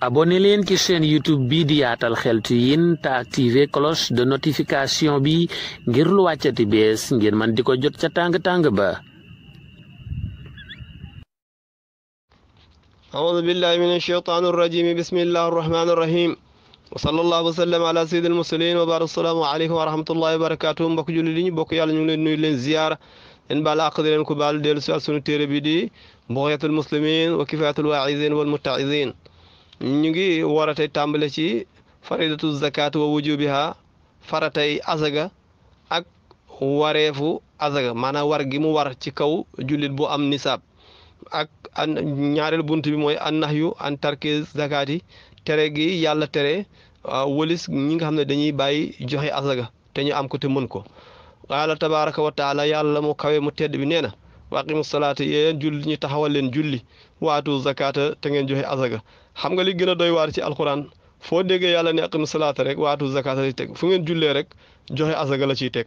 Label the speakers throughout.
Speaker 1: abonné leen ci chaîne youtube bi di yaatal xeltu yin te activé cloche de notification bi ngir lu wàccati bees ngir man di ko jot ca tàng-tàng ba أعوذ بالله من الشيطان الرجيم بسم الله الرحمن الرحيم وصلى الله وسلم على سيد المرسلين وبارك السلام عليكم ورحمة الله وبركاته mbokk julli li ñu bokk yàlla ñu ngi leen nuyu leen ziyaar leen baal àq di leen ko baal dellu si sunu téere bi di bughyatul muslimin wa kifayatul waaizin wal mutaisin ñu ngi waratay tàmbale ci faridatu zakat wa wujubiha faratay azaga ak wareefu azaga maanaam war gi mu war ci kaw jullit bu am nisaab ak an ñaareel bunt bi mooy an nahyu an tarki yi tere gi yàlla tere ah, wëlis ñi nga xam ne dañuy bàyyi joxe azaga te ñu am ko te mën ko qaala tabaraka wa yàlla mu kawe mu tedd bi nee na wa aqimu salaata yéen julli ñi taxawal leen julli waatu zakaata te ngeen joxe azaka xam nga li gën a doy waar ci alquran foo déggee yàlla ne aqimu salaata rek waatu zakaata la ci teg fu ngeen jullee rek joxe azaka la ciy teg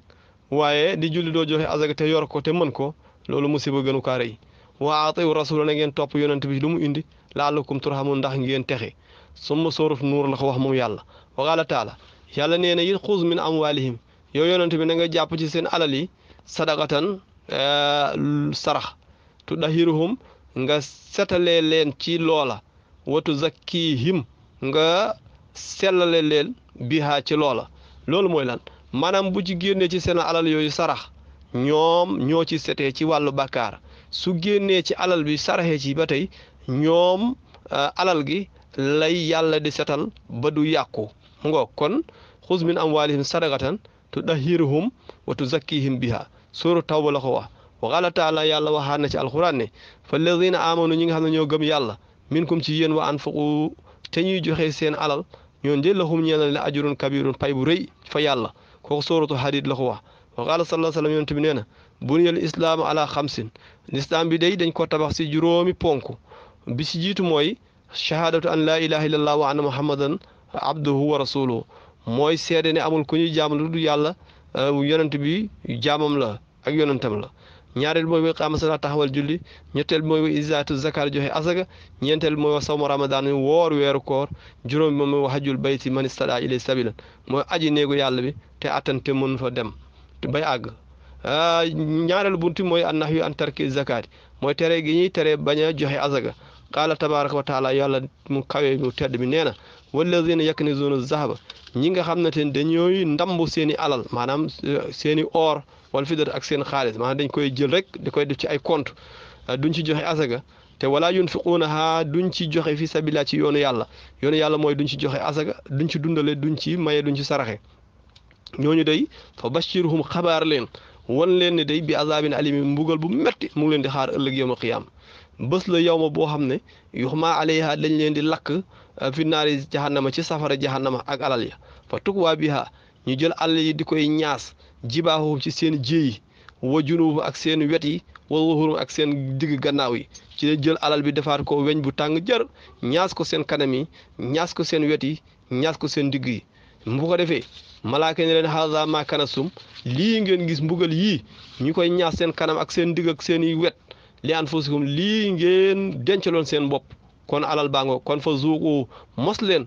Speaker 1: waaye di julli doo joxe azaka te yor ko te mën ko loolu musiba gënu kaare yi a atiu rasula na ngeen topp yonent bi lu mu indi laallakum turhamun ndax ngeen texe summa sooruf nuur la ko wax moom yàlla wa qaala taala yàlla nee na it xuus min amwalihim yow yonent bi na nga jàpp ci seen alal yi sadaqatan Eh, sarax tudahiruhum nga setale leen ci loola watu zakkihim nga sellale leen bihaa ci loola loolu mooy lan maanaam bu ci génnee ci seen alal yooyu sarax ñoom ñoo ci setee ci wàllu bakkaar su génnee ci alal bi saraxee ci ba tey ñoom eh, alal gi lay yàlla di setal ba du yàqu mu ngoog kon am xuz min amwalihim sadaqatan tudahiruhum wa tuzakkihim biha suuru taw la loxo wax wa qaala taala yàlla waxaat na ci alxuraan ne fa lazina amanu ñi nga xam ne ñoo gëm yàlla minkum ci yéen wa anfaqu te ñuy joxe seen alal ñoon de lahum ñeena la ajurun kabirun pay bu rëy fa yàlla kooku suuratu hadiid la ko wax wa wa sallam yonent bi nee na buniyal islaamu ala xamsin lislaam bi day dañ ko tabax si juróomi ponk bi si jiitu mooy shahaadatu an laa ilaha illallah wa anna muhammadan abduhu wa rasuluhu mooy seede ne amul ku ñuy jaam lu yàlla Euh, yonent bi jaamam la ak yonentam la ñaareelu mooy wa qaama salaa taxawal julli ñetteel mooy wa isaatu zakar joxe asaka ñeenteel mooy wa sawma ramadan woor weeru koor juróom moom mooy wa hajjul bayti man istadaa ilay sabilan mooy aji néegu yàlla bi te attan te mën fa dem bay àgg euh, ñaareelu bunti mooy an nahyu an tarki mooy tere gi ñuy tere bañ a joxe asaka qaala tabaraka wa yàlla mu kawe mu tedd mi nee na wallazina yaknizuuna zahaba ñi nga xam ne te dañooy ndambu seeni i alal maanaam eh, seeni i or wala fiddat ak seen xaalis maanaam dañ koy jël rek di koy def ci ay compte eh, duñ ci joxe asaga te wala yunfiquunaha duñ ci joxe fi sabila ci yoonu yàlla yoonu yàlla mooy duñ ci joxe asaga duñ ci dundale duñ ci maye duñ ci saraxe ñooñu day fa bashirhum xabaar leen wan leen ne day bi azabin alimi mbugal bu metti mu ngi leen di xaar ëllëg yowma qiyaam bés la yow ma boo xam ne yuxma dañ leen di lakk Euh, fi naari jahannama ci safara jahannama ak alal ya fa tukwaa biha ñu jël alal yi di koy ñaas jibaaxuhum ci seen jéeyi wa junuubum ak seen wet yi wa wuhurum ak seen digg gannaaw yi ci la jël alal bi defaat ko weñ bu tàng jër ñaas ko seen kanam yi ñaas ko seen wet yi ñaas ko seen digg yi bu ko defee malaaka ne leen haza ma kanasum lii ngeen gis mbugal yi ñu koy ñaas seen kanam ak seen digg ak seen i wet li anfusikum lii ngeen dencaloon seen bopp kon alal baango kon fa zuuqu mos leen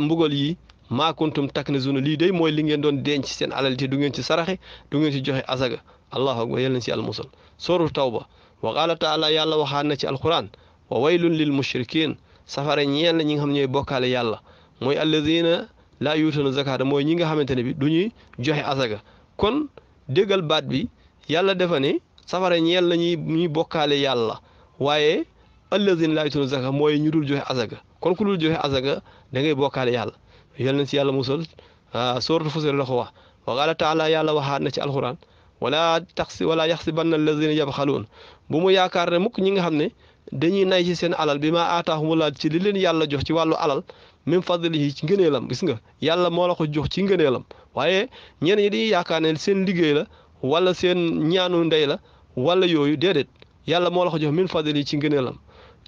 Speaker 1: mbugal yi maa kuntum taknizuuna lii day mooy li ngeen doon denc seen alal te du ngeen ci saraxe du ngeen ci joxe asaga allahu akbar yal nañ si almusal sooru tawba wa qaala taala yàlla waxaan na ci alquran wa waylun lil mushrikin safara ñeel na ñi nga xam ñooy bokkaale yàlla mooy alladina laa yuutana zakata mooy ñi nga xamante ne bi du ñuy joxe asaga kon déggal baat bi yàlla defa ni safara ñeel na ñuy ñuy bokkaale yàlla waaye allazina laa yutuuna zaka mooy ñu dul joxe azaga kon ku dul joxe azaga da ngay bokkaale yàlla yal nañ si yàlla musal ah, sóoratu Fussilat la ko wax wa qaala taala yàlla waxaat na ci alxuraan wala taxsi wala yaxsibanna allazina yabxaluun bu mu yaakaar ne mukk ñi nga xam ne dañuy nay ci seen alal bi ma aataahumullah ci li leen yàlla jox ci wàllu alal min fadlihi ci ngëneelam gis nga yàlla moo la ko jox ci ngënee lam waaye ñenn ñi dañuy yaakaar ne seen liggéey la wala seen ñaanu ndey la wala yooyu déedéet yàlla moo la ko jox min fadlihi ci ngënee lam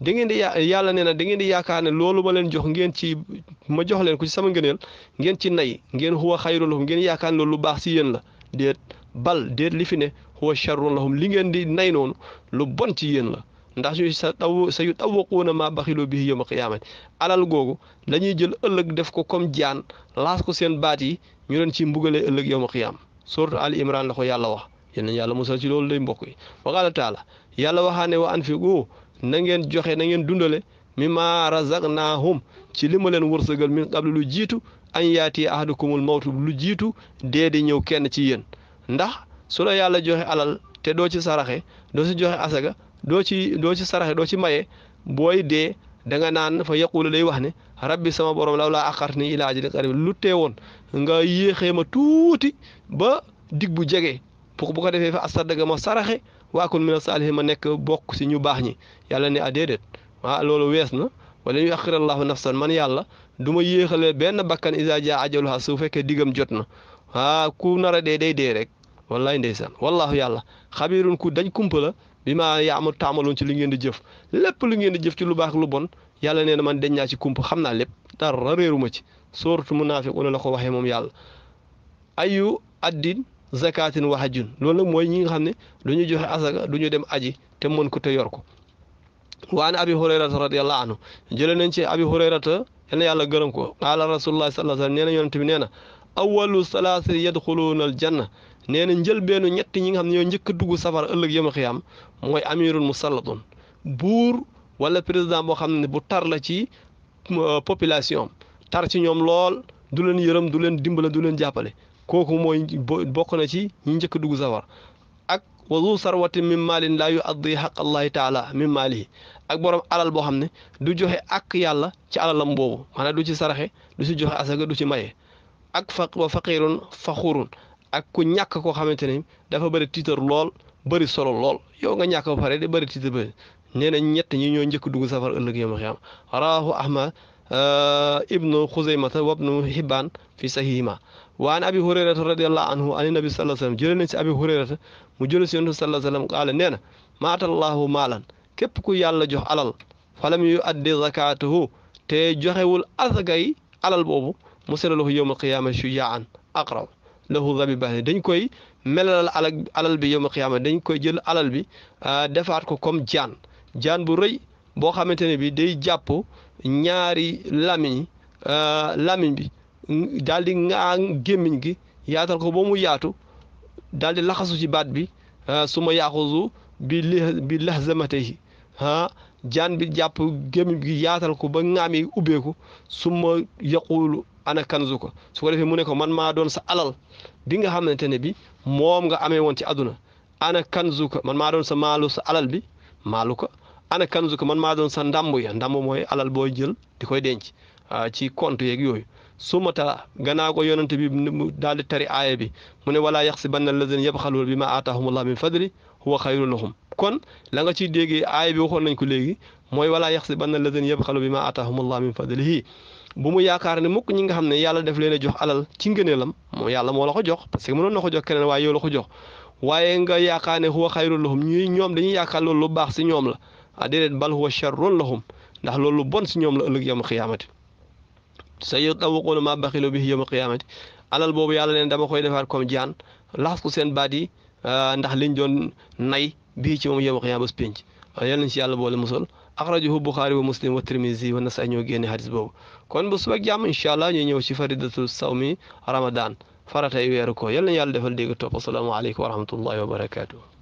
Speaker 1: da ngeen di yàlla nee na da di yaakaar ne loolu ma leen jox ngeen ci ma jox leen ko ci sama ngëneel ngeen ci nay ngeen huwa xayrun lahum ngeen yaakaar ne loolu lu baax si yéen la déet bal déet li fi ne huwa sharrun li ngeen di nay noonu lu bon ci yéen la ndax su sa taw sa yu tawaquuna maa baxiloo bihi yawma qiyaamati alal googu lañuy jël ëllëg def ko comme jaan laas ko seen baat yi ñu leen ci mbugalee ëllëg yawma qiyaam suuratu Ali Imran la ko yàlla wax yéen yàlla musal ci loolu day mbokk yi na ngeen joxe na ngeen dundale mimma razaqnaahum ci li ma leen wërsëgal min qabli lu jiitu an yaati ahadukumul mawtu lu jiitu dee di ñëw kenn ci yéen ndax su la yàlla joxe alal te doo ci saraxe doo ci joxe asaga doo ci doo ci saraxe doo ci maye booy dee danga nga naan fa yaqulu lay wax ne rabbi sama borom law laa axartani ilaa ajalin qarib lu tee woon nga yéexee ma tuuti ba digg bu jege bu ko defee fa asaddaga ma saraxe kon waakun mina saalihin ma nekk bokk si ñu baax ñi yàlla ne ah déedéet ah loolu wees na wala yu axira allahu nafsan man yàlla du ma yéexalee benn bakkan isa jaa ajaluha su fekkee digam jot na ah ku nar a dee day dee rek wallaay ndeysaan wallaahu yàlla xabiirun ku dañ kumpa la bi maa mu taamaloon ci li ngeen di jëf lépp lu ngeen di jëf ci lu baax lu bon yàlla nee na man deñ naa ci kumpa xam naa lépp dara réeruma ci sóoratu munaafiq la ko waxee moom yàlla zakaatin wa hajjun loolu nag mooy ñi nga xam ne du ñu joxe asaka du ñu dem aji te mën ko te yor ko waan abi hurayrata radiallahu anhu jëlee nañ ci abi hurayrata yal na yàlla gërëm ko qaala rasulullah sallallahu alayhi wa sallam nee na yonent bi nee na awalu salaasi yadxuluuna al janna nee njël njëlbeenu ñett ñi nga xam ne ñoo njëkk a dugg safara ëllëg yawmal am mooy amirun musallatun buur wala président boo xam ne bu tar la ci euh, population tar ci ñoom lool du leen yërëm du leen dimbale du leen jàppale kooku mooy bokk na ci ñi njëkk dugg safar ak wazu sarwatin min maalin laa yu addi xaq allahi taala min maalihi ak borom alal boo xam ne du joxe ak yàlla ci alalam boobu maanaam du ci saraxe du ci joxe asaga du ci maye ak fa wa faqirun faxurun ak ku ñàkk koo xamante ni dafa bëri tiitar lool bëri solo lool yow nga ñàkk ba pare di bëri tiitar bëri nee na ñett ñi ñoo njëkk dugg safar ëllëg yoma xiyam rawahu ahmad euh, ibnu xuzaymata wa ibnu hibbaan fi sahihima waan an abi hurayrata radiallahu anhu ani nabi salaa sallam jëlee nañ si abi hurayrata mu jëlee si yonent salaa sallam qaala nee na maatallahu maalan képp ku yàlla jox alal falam yu addi zakatahu te joxewul asakay alal boobu mu sela lahu yowma qiyaama shujaan aqraw lahu zabiba dañ koy melalal alal alal bi yowma qiyaama dañ koy jël alal bi ah, defaat ko comme jaan jaan bu rëy boo xamante ne bi day jàpp ñaari lamiñ ah, lamiñ bi daal di ŋaa gémmiñ gi yaatal ko ba mu yaatu daal di laxasu ci baat bi su ma yaaxuzu bi bi lahzamatihi ah jaan bi jàpp gémmiñ gi yaatal ko ba ŋaam yi ubbeeku su ma yaquulu ana kanzu ko su ko defee mu ne ko man maa doon sa alal bi nga xamante ne bi moom nga amee woon ci àdduna ana kanzu ko man maa doon sa maalu sa alal bi maalu ko ana kanzu ko man maa doon sa ndàmb ya mooy alal boo jël di koy denc ci compte yeeg yooyu sumata ganaa ko yonent bi daal di tari aaya bi mu ne walaa yaxsibanna allazina yabxaluuna bi ma aataahumullah min fadli huwa xayrun lahum kon la nga ciy déggee aaya bi waxoon nañ ko léegi mooy walaa yaxsibanna allazina yabxalu bi ma aataahumullah min fadlihi bu mu yaakaar ne mukk ñi nga xam ne yàlla def leen a jox alal ci ngëneelam moom yàlla moo la ko jox parce que mënoon na ko jox keneen waaye yow la ko jox waaye nga yaakaar ne huwa xayrun lahum ñoom dañuy yaakaar lu baax si ñoom la ah déedéet bal huwa charrun lahum ndax loolu bon si ñoom la ëllëg yawmal xiyaamati sa yutawwaquuna maa baxilu bihi yawmal qiyaamati alal boobu yàlla leen dama koy defaat comme jaan laxas ko seen baat yi ah, ndax liñ doon nay bii ci moom yawmal qiyaama bés pénc yal nañ ci yàlla boole musal axrajahu buxaari wa muslim wa tirmisi wa nasaay ñoo génne hadis boobu kon bu suba jàmm incha allah ñu ñëw ci faridatu sawmi ramadan faratay weeru ko yal nañ yàlla defal dégg topp asalaamaaleykum wa rahmatullahi wa barakaatu.